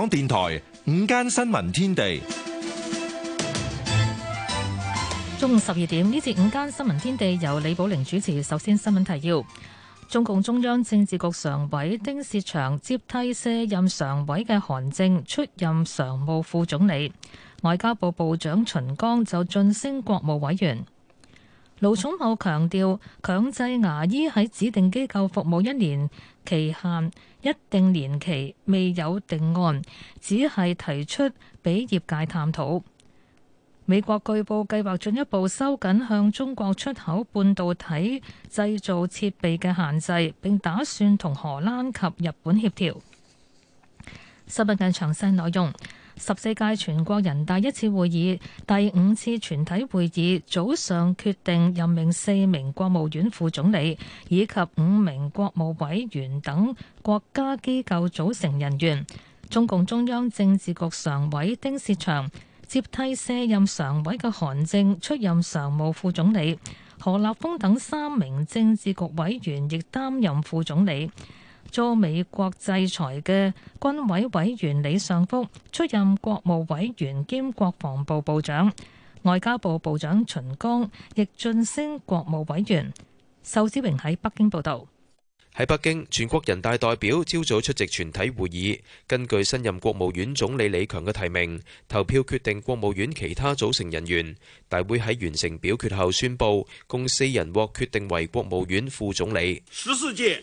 港電台午間新聞天地，中午十二點，呢次午間新聞天地由李寶玲主持。首先新聞提要：中共中央政治局常委丁薛祥接替卸任常委嘅韓正出任常務副總理，外交部部長秦剛就晉升國務委員。盧寵茂強調，強制牙醫喺指定機構服務一年期限，一定年期未有定案，只係提出俾業界探討。美國據報計劃進一步收緊向中國出口半導體製造設備嘅限制，並打算同荷蘭及日本協調。新聞嘅更詳細內容。十四屆全國人大一次會議第五次全體會議早上決定任命四名國務院副總理，以及五名國務委員等國家機構組成人員。中共中央政治局常委丁薛祥接替卸任常委嘅韓正出任常務副總理，何立峰等三名政治局委員亦擔任副總理。遭美國制裁嘅軍委委員李尚福出任國務委員兼國防部部長，外交部部長秦剛亦晉升國務委員。壽子榮喺北京報道。喺北京，全國人大代表朝早出席全體會議，根據新任國務院總理李強嘅提名，投票決定國務院其他組成人員。大會喺完成表決後宣布，共四人獲決定為國務院副總理。十四屆。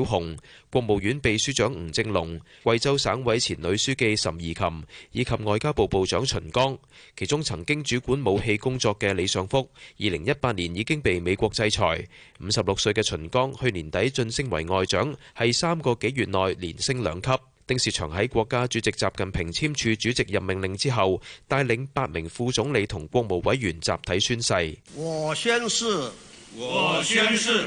小洪、國務院秘書長吳政龍、貴州省委前女書記諶貽琴以及外交部部長秦剛，其中曾經主管武器工作嘅李尚福，二零一八年已經被美國制裁。五十六歲嘅秦剛去年底晉升為外長，係三個幾月內連升兩級。丁薛祥喺國家主席習近平簽署主席任命令之後，帶領八名副總理同國務委員集體宣誓。我宣誓，我宣誓。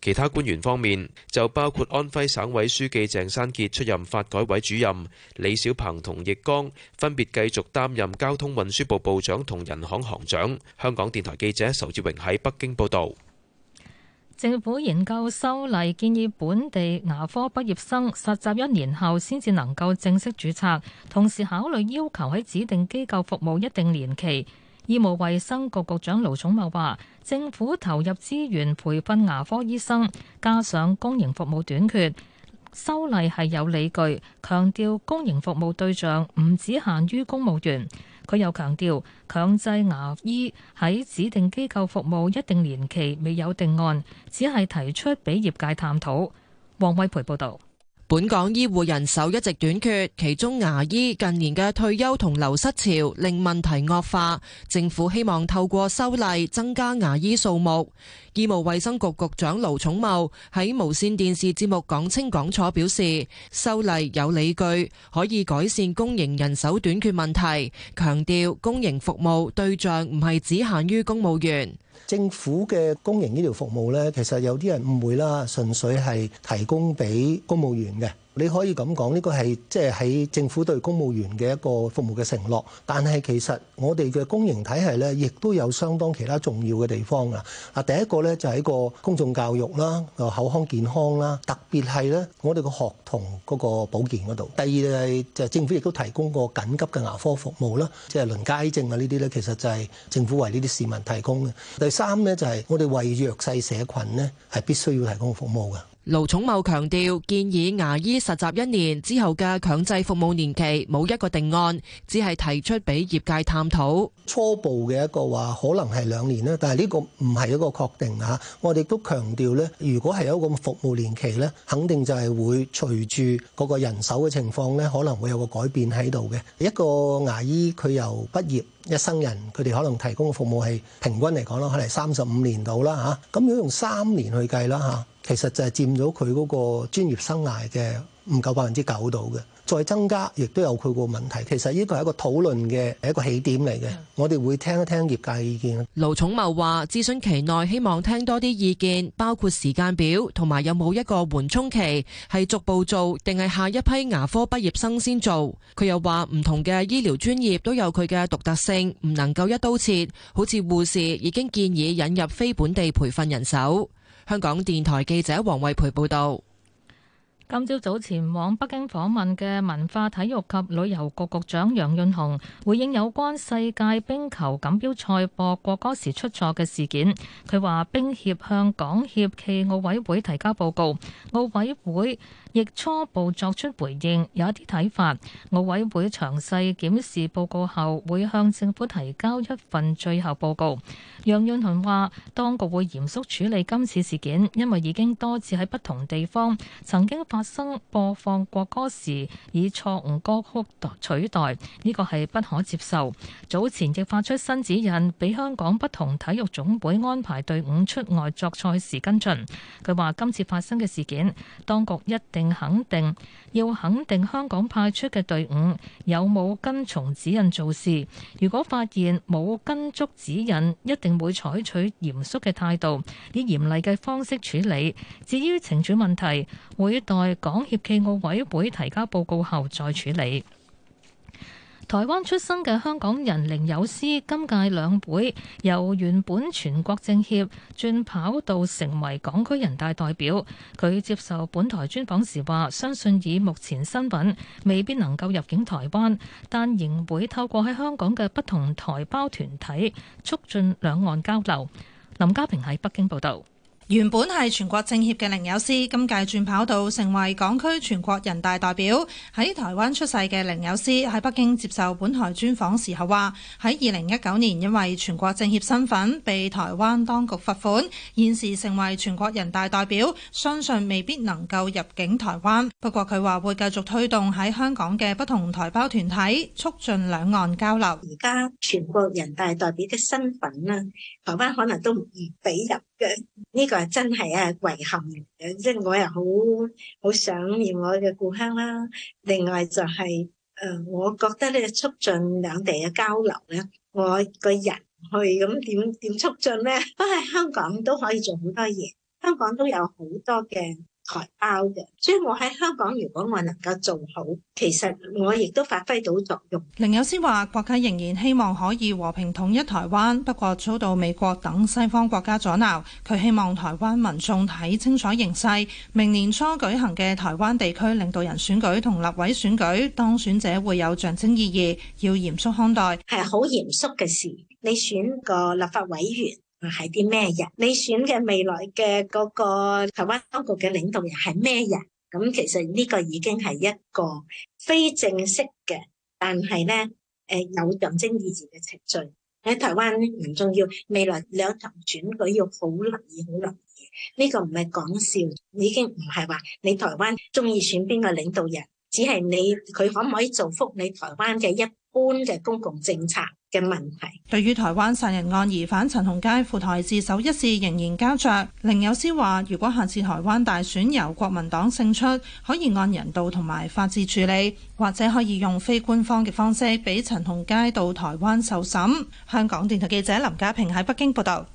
其他官員方面就包括安徽省委書記鄭山傑出任發改委主任，李小鵬同易綱分別繼續擔任交通運輸部部長同人行行長。香港電台記者仇志榮喺北京報導。政府研究修例，建議本地牙科畢業生實習一年後先至能夠正式註冊，同時考慮要求喺指定機構服務一定年期。醫務衛生局局長盧寵茂話：政府投入資源培訓牙科醫生，加上公營服務短缺，修例係有理據。強調公營服務對象唔止限於公務員。佢又強調，強制牙醫喺指定機構服務一定年期未有定案，只係提出俾業界探討。王偉培報導。本港醫護人手一直短缺，其中牙醫近年嘅退休同流失潮令問題惡化。政府希望透過修例增加牙醫數目。醫務衛生局局長盧寵茂喺無綫電視節目《講清講楚》表示，修例有理據，可以改善公營人手短缺問題，強調公營服務對象唔係只限於公務員。政府嘅公營醫療服務咧，其實有啲人誤會啦，純粹係提供俾公務員嘅。你可以咁講，呢個係即係喺政府對公務員嘅一個服務嘅承諾。但係其實我哋嘅公營體系咧，亦都有相當其他重要嘅地方啊！啊，第一個咧就係一個公眾教育啦，啊口腔健康啦，特別係咧我哋個學童嗰個保健嗰度。第二就係政府亦都提供過緊急嘅牙科服務啦，即係輪街症啊呢啲咧，其實就係政府為呢啲市民提供嘅。第三咧就係我哋為弱勢社群咧係必須要提供服務嘅。盧寵茂強調，建議牙醫實習一年之後嘅強制服務年期冇一個定案，只係提出俾業界探討。初步嘅一個話可能係兩年啦，但係呢個唔係一個確定吓。我哋都強調咧，如果係有一個服務年期咧，肯定就係會隨住嗰個人手嘅情況咧，可能會有個改變喺度嘅。一個牙醫佢由畢業一生人，佢哋可能提供嘅服務係平均嚟講咯，可能係三十五年到啦吓。咁、啊、如果用三年去計啦吓。啊其實就係佔咗佢嗰個專業生涯嘅唔夠百分之九度嘅，再增加亦都有佢個問題。其實呢個係一個討論嘅，一個起點嚟嘅。我哋會聽一聽業界嘅意見。盧寵茂話：諮詢期內希望聽多啲意見，包括時間表同埋有冇一個緩衝期，係逐步做定係下一批牙科畢業生先做。佢又話唔同嘅醫療專業都有佢嘅獨特性，唔能夠一刀切。好似護士已經建議引入非本地培訓人手。香港電台記者王慧培報道。今朝早前往北京訪問嘅文化體育及旅遊局局長楊潤雄回應有關世界冰球錦標賽播國歌時出錯嘅事件。佢話冰協向港協暨奧委會提交報告，奧委會亦初步作出回應，有一啲睇法。奧委會詳細檢視報告後，會向政府提交一份最後報告。楊潤雄話，當局會嚴肅處理今次事件，因為已經多次喺不同地方曾經。發生播放國歌時以錯誤歌曲取代，呢個係不可接受。早前亦發出新指引，俾香港不同體育總會安排隊伍出外作賽時跟進。佢話今次發生嘅事件，當局一定肯定要肯定香港派出嘅隊伍有冇跟從指引做事。如果發現冇跟足指引，一定會採取嚴肅嘅態度，以嚴厲嘅方式處理。至於懲處問題，會待港協暨奧委會提交報告後再處理。台灣出生嘅香港人凌友詩今屆兩會由原本全國政協轉跑道成為港區人大代表。佢接受本台專訪時話：相信以目前身份未必能夠入境台灣，但仍會透過喺香港嘅不同台胞團體促進兩岸交流。林家平喺北京報道。原本係全國政協嘅凌友詩，今屆轉跑道成為港區全國人大代表。喺台灣出世嘅凌友詩喺北京接受本台專訪時候話：喺二零一九年因為全國政協身份被台灣當局罰款，現時成為全國人大代表，相信未必能夠入境台灣。不過佢話會繼續推動喺香港嘅不同台胞團體，促進兩岸交流。而家全國人大代表嘅身份呢，台灣可能都唔俾入。呢個係真係啊遺憾嘅，即係我又好好想念我嘅故鄉啦。另外就係誒，我覺得咧促進兩地嘅交流咧，我個人去咁點點促進咧，都喺香港都可以做好多嘢，香港都有好多嘅。台胞嘅，所以我喺香港，如果我能夠做好，其實我亦都發揮到作用。凌友詩話：國家仍然希望可以和平統一台灣，不過遭到美國等西方國家阻撓。佢希望台灣民眾睇清楚形勢。明年初舉行嘅台灣地區領導人選舉同立委選舉，當選者會有象徵意義，要嚴肅看待，係好嚴肅嘅事。你選個立法委員。係啲咩人？你選嘅未來嘅嗰個台灣當局嘅領導人係咩人？咁其實呢個已經係一個非正式嘅，但係咧誒有象徵意義嘅程序。喺台灣唔重要。未來兩場選舉要好留意，好留意。呢個唔係講笑，已經唔係話你台灣中意選邊個領導人，只係你佢可唔可以造福你台灣嘅一般嘅公共政策。嘅問題，對於台灣殺人案疑犯陳鴻佳赴台自首一事仍然膠着。另有思話，如果下次台灣大選由國民黨勝出，可以按人道同埋法治處理，或者可以用非官方嘅方式，俾陳鴻佳到台灣受審。香港電台記者林家平喺北京報道。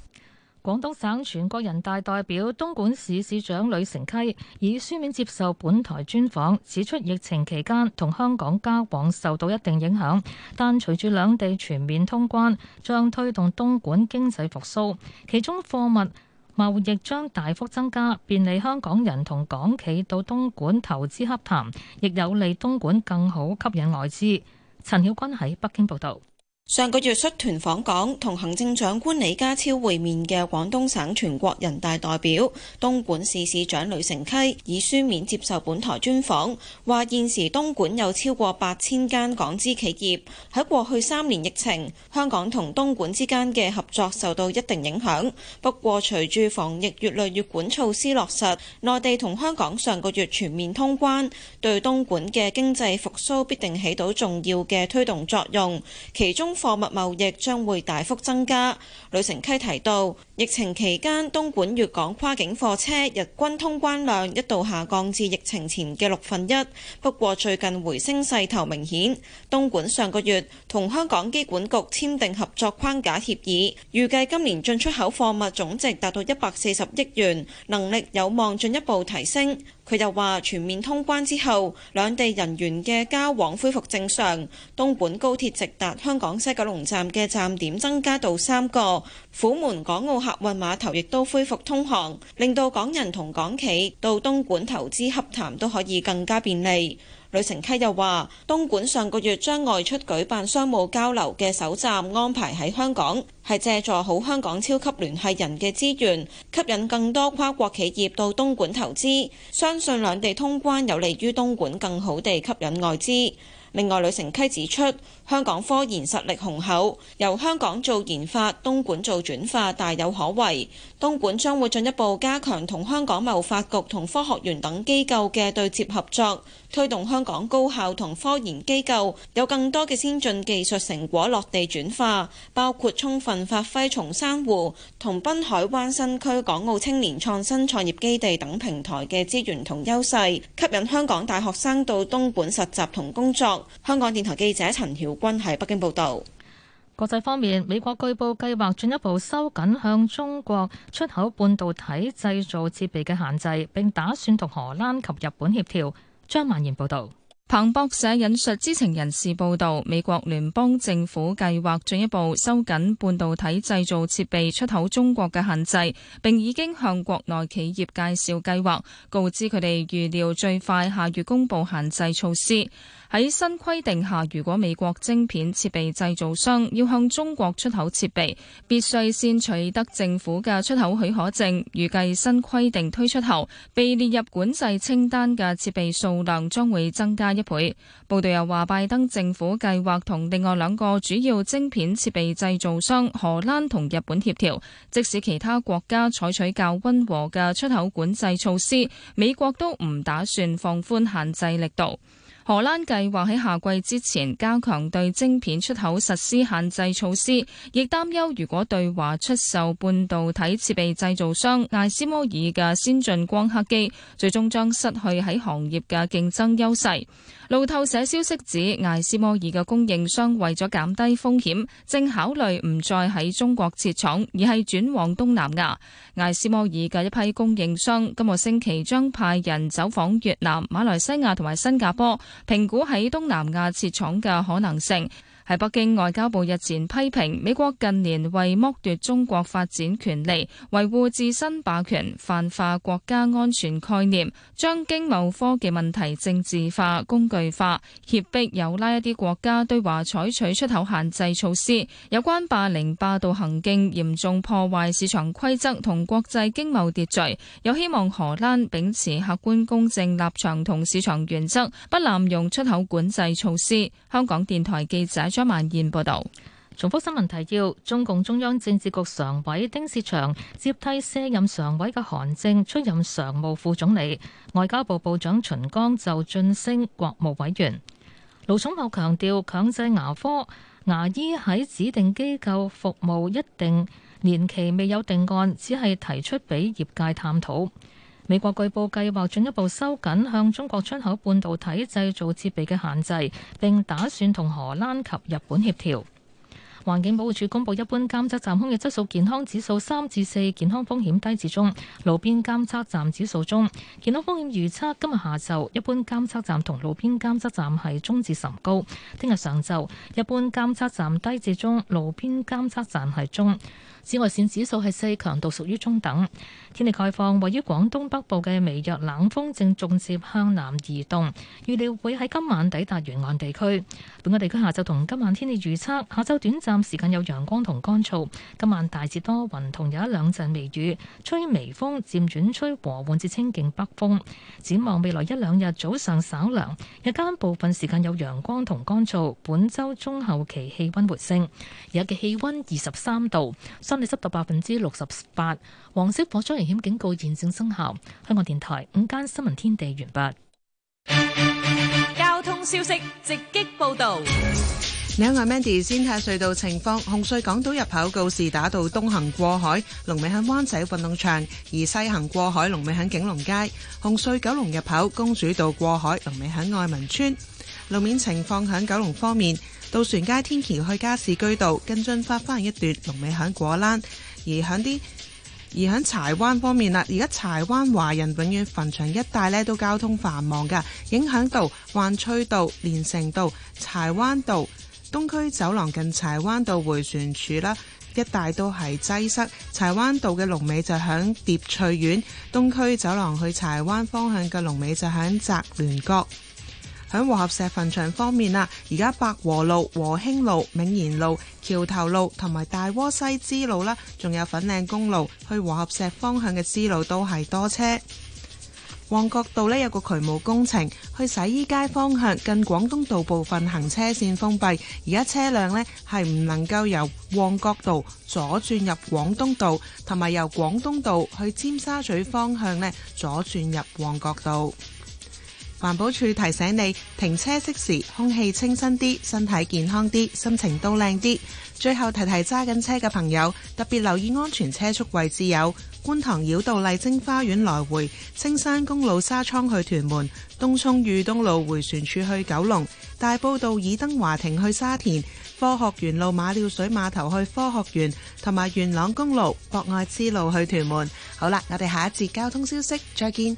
廣東省全國人大代表、東莞市市長呂成溪以書面接受本台專訪，指出疫情期間同香港交往受到一定影響，但隨住兩地全面通關，將推動東莞經濟復蘇，其中貨物貿易將大幅增加，便利香港人同港企到東莞投資洽談，亦有利東莞更好吸引外資。陳曉君喺北京報道。上個月率團訪港同行政長官李家超會面嘅廣東省全國人大代表、東莞市市長呂成溪，以書面接受本台專訪，話現時東莞有超過八千間港資企業。喺過去三年疫情，香港同東莞之間嘅合作受到一定影響。不過，隨住防疫越嚟越管，措施落實，內地同香港上個月全面通關，對東莞嘅經濟復甦必定起到重要嘅推動作用。其中。貨物貿易將會大幅增加。呂成溪提到，疫情期間東莞粵港跨境貨車日均通關量一度下降至疫情前嘅六分一，不過最近回升勢頭明顯。東莞上個月同香港機管局簽訂合作框架協議，預計今年進出口貨物總值達到一百四十億元，能力有望進一步提升。佢又話：全面通關之後，兩地人員嘅交往恢復正常，東莞高鐵直達香港西九龍站嘅站點增加到三個，虎門港澳客運碼頭亦都恢復通航，令到港人同港企到東莞投資洽談都可以更加便利。呂成溪又話，東莞上個月將外出舉辦商務交流嘅首站安排喺香港，係借助好香港超級聯繫人嘅資源，吸引更多跨國企業到東莞投資。相信兩地通關有利於東莞更好地吸引外資。另外，呂成溪指出，香港科研實力雄厚，由香港做研發，東莞做轉化，大有可為。東莞將會進一步加強同香港貿發局同科學園等機構嘅對接合作，推動香港高校同科研機構有更多嘅先進技術成果落地轉化，包括充分發揮松山湖同濱海灣新區港澳青年創新創業基地等平台嘅資源同優勢，吸引香港大學生到東莞實習同工作。香港電台記者陳曉君喺北京報道。國際方面，美國據報計劃進一步收緊向中國出口半導體製造設備嘅限制，並打算同荷蘭及日本協調。張曼賢報道。彭博社引述知情人士報道，美國聯邦政府計劃進一步收緊半導體製造設備出口中國嘅限制，並已經向國內企業介紹計劃，告知佢哋預料最快下月公布限制措施。喺新規定下，如果美國晶片設備製造商要向中國出口設備，必須先取得政府嘅出口許可證，預計新規定推出後，被列入管制清單嘅設備數量將會增加一倍。報道又話，拜登政府計劃同另外兩個主要晶片設備製造商荷蘭同日本協調，即使其他國家採取較溫和嘅出口管制措施，美國都唔打算放寬限制力度。荷蘭計劃喺夏季之前加強對晶片出口實施限制措施，亦擔憂如果對華出售半導體設備製造商艾斯摩爾嘅先進光刻機，最終將失去喺行業嘅競爭優勢。路透社消息指，艾斯摩爾嘅供應商為咗減低風險，正考慮唔再喺中國設廠，而係轉往東南亞。艾斯摩爾嘅一批供應商今個星期將派人走訪越南、馬來西亞同埋新加坡，評估喺東南亞設廠嘅可能性。喺北京外交部，日前批評美國近年為剝奪中國發展權利、維護自身霸權、泛化國家安全概念，將經貿科技問題政治化、工具化，脅迫有拉一啲國家對華採取出口限制措施。有關霸凌霸道行徑嚴重破壞市場規則同國際經貿秩序。又希望荷蘭秉持客觀公正立場同市場原則，不濫用出口管制措施。香港電台記者。張曼燕報道：重複新聞提要，中共中央政治局常委丁薛祥接替卸任常委嘅韓正出任常務副總理，外交部部長秦剛就晉升國務委員。盧寵茂強調，強制牙科牙醫喺指定機構服務一定年期未有定案，只係提出俾業界探討。美國據報計劃進一步收緊向中國出口半導體製造設備嘅限制，並打算同荷蘭及日本協調。環境保護署公布，一般監測站空氣質素健康指數三至四，健康風險低至中；路邊監測站指數中，健康風險預測今日下晝一般監測站同路邊監測站係中至甚高。聽日上晝一般監測站低至中，路邊監測站係中。紫外線指數係四強度，屬於中等。天氣概況：位於廣東北部嘅微弱冷風正逐漸向南移動，預料會喺今晚抵達沿岸地區。本港地區下晝同今晚天氣預測：下晝短暫時間有陽光同乾燥，今晚大致多雲，同有一兩陣微雨，吹微風，漸轉吹和緩至清勁北風。展望未來一兩日早上稍涼，日間部分時間有陽光同乾燥。本週中後期氣温回升，日嘅氣温二十三度。空氣濕度百分之六十八，黃色火災危險警告現正生效。香港電台午間新聞天地完畢。交通消息直擊報道。你好，我 Mandy 先睇隧道情況。紅隧港島入口告示打到東行過海，龍尾響灣仔運動場；而西行過海，龍尾響景隆街。紅隧九龍入口公主道過海，龍尾響愛民村。路面情況響九龍方面。渡船街天橋去加士居道，跟進發翻一段龍尾響果欄；而響啲而響柴灣方面啦，而家柴灣華人永遠墳場一帶呢都交通繁忙嘅，影響到環翠道、連城道、柴灣道、東區走廊近柴灣道迴旋處啦，一帶都係擠塞。柴灣道嘅龍尾就響疊翠苑，東區走廊去柴灣方向嘅龍尾就響澤聯角。喺和合石墳場方面啊，而家百和路、和興路、永賢路、橋頭路同埋大窩西支路啦，仲有粉嶺公路去和合石方向嘅支路都係多車。旺角道呢有個渠務工程，去洗衣街方向近廣東道部分行車線封閉，而家車輛呢係唔能夠由旺角道左轉入廣東道，同埋由廣東道去尖沙咀方向呢左轉入旺角道。環保署提醒你，停車熄匙，空氣清新啲，身體健康啲，心情都靚啲。最後提提揸緊車嘅朋友，特別留意安全車速位置有：觀塘繞道麗晶花園來回、青山公路沙涌去屯門、東涌裕東路回旋處去九龍、大埔道爾登華庭去沙田、科學園路馬料水碼頭去科學園同埋元朗公路博愛支路去屯門。好啦，我哋下一節交通消息，再見。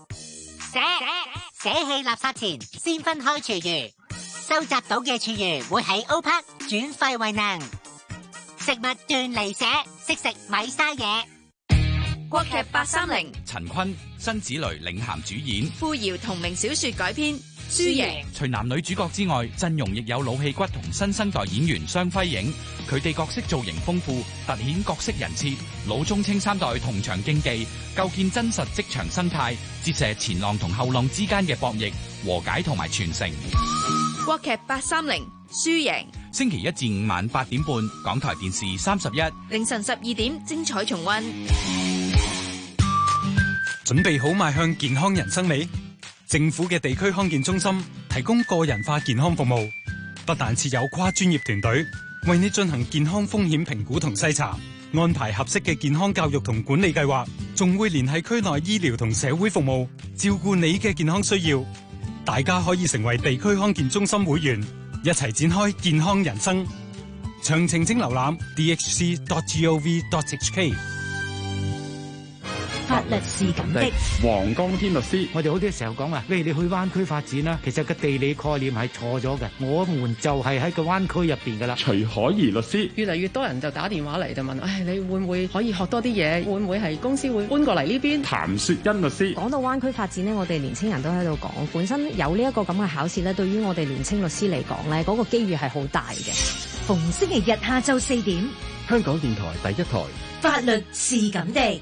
捨捨棄垃圾前，先分開廚餘。收集到嘅廚餘會喺 O Park 轉廢為能。食物斷離者，識食米嘥嘢。國劇八三零，陳坤、辛芷蕾領銜主演，傅瑤同名小說改編。輸贏，贏除男女主角之外，陣容亦有老戲骨同新生代演員雙輝映。佢哋角色造型豐富，凸顯角色人設。老中青三代同場競技，構建真實職場生態，折射前浪同後浪之間嘅博弈、和解同埋傳承。國劇八三零輸贏，星期一至五晚八點半，港台電視三十一，凌晨十二點精彩重溫。準備好邁向健康人生未？政府嘅地區康健中心提供個人化健康服務，不但設有跨專業團隊，為你進行健康風險評估同篩查，安排合適嘅健康教育同管理計劃，仲會聯繫區內醫療同社會服務，照顧你嘅健康需要。大家可以成為地區康健中心會員，一齊展開健康人生。詳情請瀏覽 dhc.gov.hk。是咁的，黃江天律師，我哋好多時候講啊，例如你去灣區發展啦，其實個地理概念係錯咗嘅。我們就係喺個灣區入邊噶啦。徐海怡律師，越嚟越多人就打電話嚟就問，唉、哎，你會唔會可以學多啲嘢？會唔會係公司會搬過嚟呢邊？譚雪欣律師，講到灣區發展呢，我哋年輕人都喺度講，本身有呢一個咁嘅考試咧，對於我哋年輕律師嚟講咧，嗰、那個機遇係好大嘅。逢星期日下晝四點，香港電台第一台，法律是咁的。